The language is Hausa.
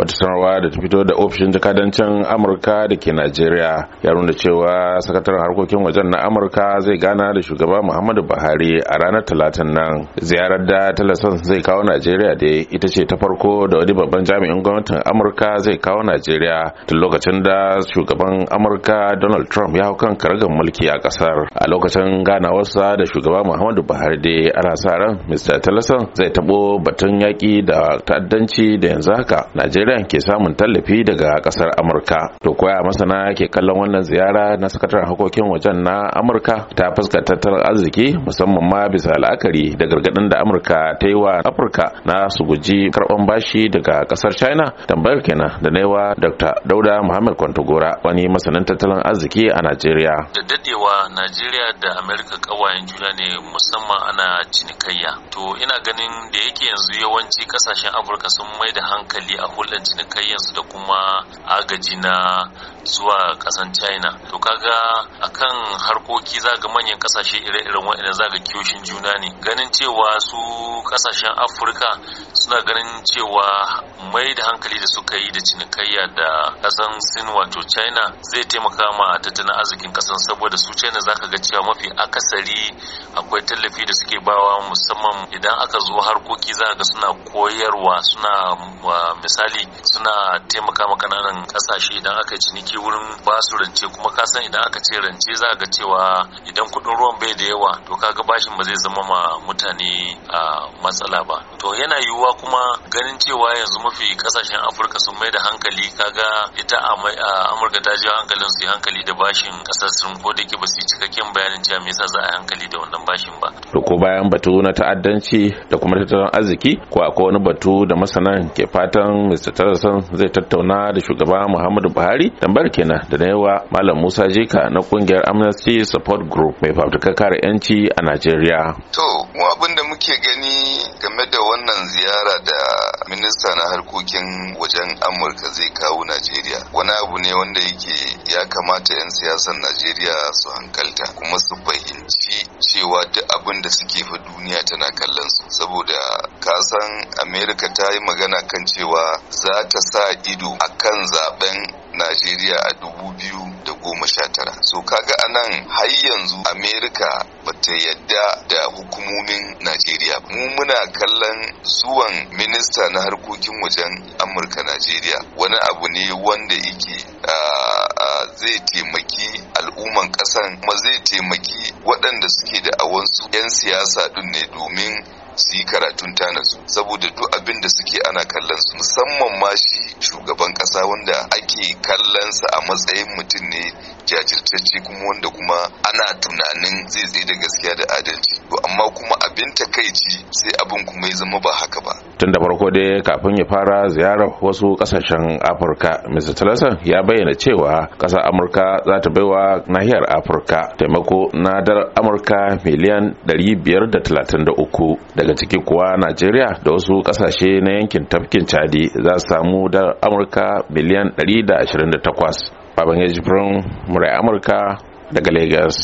wata sanarwa da ta fito da ofishin jakadancin amurka da ke najeriya ya nuna cewa sakataren harkokin wajen na amurka zai gana da shugaba muhammadu buhari a ranar talatin nan ziyarar da talasan zai kawo najeriya da ita ce ta farko da wani babban jami'in gwamnatin amurka zai kawo najeriya tun lokacin da shugaban amurka donald trump ya hau kan karagar mulki a kasar a lokacin ganawarsa da shugaba muhammadu buhari dai ana sa ran mr talasan zai tabo batun yaki da ta'addanci da yanzu haka najeriya najeriya ke samun tallafi daga kasar amurka to koya masana ke kallon wannan ziyara na sakataren harkokin wajen na amurka ta fuskar tattalin arziki musamman ma bisa la'akari da gargadin da amurka ta yi wa afirka na su guji karban bashi daga kasar china tambayar kenan da na wa dr dauda muhammad kwantogora wani masanin tattalin arziki a najeriya da dadewa najeriya da amurka kawayen juna ne musamman ana cinikayya to ina ganin da yake yanzu yawanci kasashen afirka sun mai da hankali a hulɗa na cinikayyansu da kuma agaji na zuwa kasan china to kaga akan harkoki za zaga manyan kasashe ire-iren waɗanda zaga kiyoshin juna ne ganin cewa su kasashen afirka suna ganin cewa mai da hankali da suka yi da cinikayya da kasan sin wato china zai taimaka ma tattalin arzikin kasan saboda su china zaka ga cewa mafi akasari akwai tallafi da suke bawa musamman idan aka zo harkoki za ga suna koyarwa suna misali suna taimaka ma kananan kasashe idan aka ciniki wurin ba su rance kuma kasan idan aka ce rance za ga cewa idan kudin ruwan bai da yawa to kaga bashin ba zai zama ma mutane a matsala ba to yana yiwuwa kuma ganin cewa yanzu mafi kasashen afirka sun mai da hankali kaga ita amurka ta jiwa hankalin su yi hankali da bashin kasar sun ko da ke ba su cikakken bayanin cewa me yasa za a yi hankali da wannan bashin ba to ko bayan batu na ta'addanci da kuma tattalin arziki ko akwai wani batu da masana ke fatan mr tarasan zai tattauna da shugaba muhammadu buhari tambayar kenan da na yawa malam musa jeka na kungiyar amnesty support group mai fafutukar kare yanci a najeriya to mu abin da muke gani game da wannan ziyara da minista na harkokin wajen amurka zai kawo najeriya wani abu ne wanda yake ya kamata 'yan siyasar najeriya su hankalta kuma su fahimci cewa duk abin da suke fa duniya tana kallon su saboda kasan amerika ta yi magana kan cewa za ta sa ido akan zaben najeriya a dubu biyu da goma sha tara so kaga anan, har yanzu amerika ba ta yadda da hukumomin najeriya ba. mu muna kallon zuwan minista na harkokin wajen amurka najeriya wani abu ne wanda yake zai taimaki al'umman ƙasan kuma zai taimaki waɗanda suke da awansu 'yan siyasa ɗin ne domin su yi karatun tanazu saboda duk abin da suke ana kallon su musamman ma shi shugaban kasa wanda ake kallon sa a matsayin mutum ne jajirtacce kuma wanda kuma ana tunanin zai tsaye da gaskiya da adalci amma kuma abin takaici sai abin kuma ya zama ba haka ba tun da farko dai kafin ya fara ziyarar wasu kasashen afirka mr tillerson ya bayyana cewa ƙasar amurka za ta baiwa nahiyar afirka taimako na dar amurka miliyan 533 daga ciki kuwa najeriya da wasu ƙasashe na yankin tafkin chadi za su samu dar amurka miliyan 128 Babban ya murai amurka daga lagos